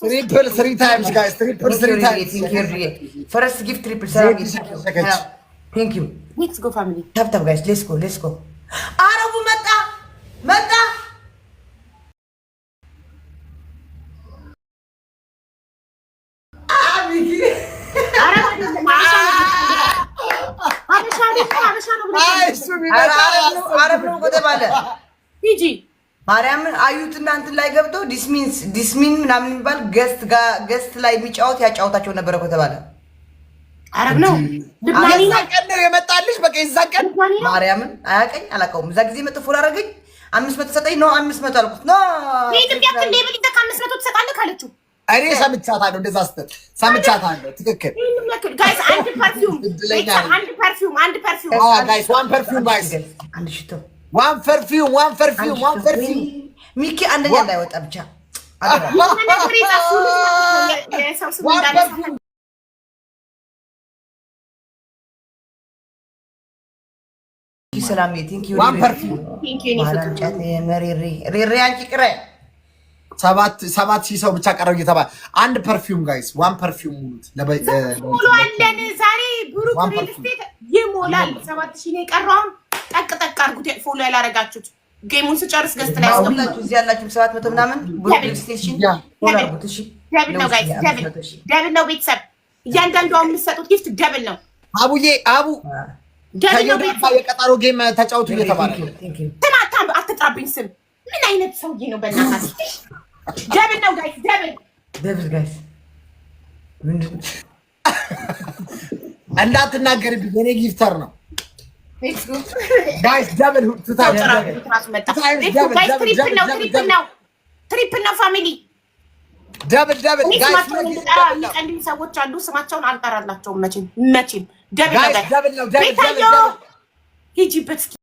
3 pull 3 times, guys. 3 pull 3 times. Thank you, Riye. First, give 3 pull. Salam, Thank you. Let's go, family. Tap, tap, guys. Let's go, let's go. Arabu mata! Mata! عرب لوگوں دے والے جی جی ማርያምን አዩትና እንትን ላይ ገብቶ ዲስሚንስ ዲስሚን ምናምን የሚባል ገስት ላይ የሚጫወት ያጫወታቸው ነበረ እኮ ተባለ። አረብ ነው ቀን ነው የመጣልሽ። በቃ የዛን ቀን ማርያምን አያቀኝ አላውቀውም። እዛ ጊዜ መጥፎ ላደረገኝ አምስት መቶ ሰጠኝ። ነው አምስት መቶ አልኩት። ኖ የኢትዮጵያ ክልል ብልደ ከአምስት መቶ ትሰጣለህ ካለችው እኔ ሰምቻታለሁ። እንደዛ ስትል ሰምቻታለሁ። ትክክል ጋይስ። አንድ ፐርፊውም አንድ ፐርፊውም አንድ ፐርፊውም ጋይስ፣ ዋን ፐርፊውም ጋይስ፣ አንድ ሽቶ ዋን ፈርፊው ዋን ፈርፊው ዋን ፈርፊው ሚኪ አንደኛ እንዳይወጣ ብቻ ሰላም ሰባት ሺህ ሰው ብቻ ቀረው እየተባለ አንድ ፐርፊውም ጋይስ፣ ዋን ፐርፊውም ሙሉት። ዛሬ ብሩክ ሪል እስቴት ይሞላል። ሰባት ሺህ ነው ጠቅ ጠቅ አርጉት። ፎሎ ያላረጋችሁት ጌሙን ስጨርስ ገዝት ላይ ያስገባችሁ እዚህ ያላችሁ ሰባት መቶ ምናምን ደብል ነው ቤተሰብ። እያንዳንዱ የምትሰጡት ጊፍት ደብል ነው። አቡዬ አቡ የቀጠሮ ጌም እየተባለ ትማታ አትጥራብኝ። ስም ምን አይነት ሰውዬ ነው በእናትህ? ደብል ነው ጋይስ፣ ደብል ደብል ጋይስ እንዳትናገርብኝ የኔ ጊፍተር ነው ትሪፕል ነው ፋሚሊ ደብል ደብል የሚቀንድም ሰዎች አሉ። ስማቸውን አልጠራላቸውም መቼም መቼም ደብል ነው። ቤታዮ ሂጂበት።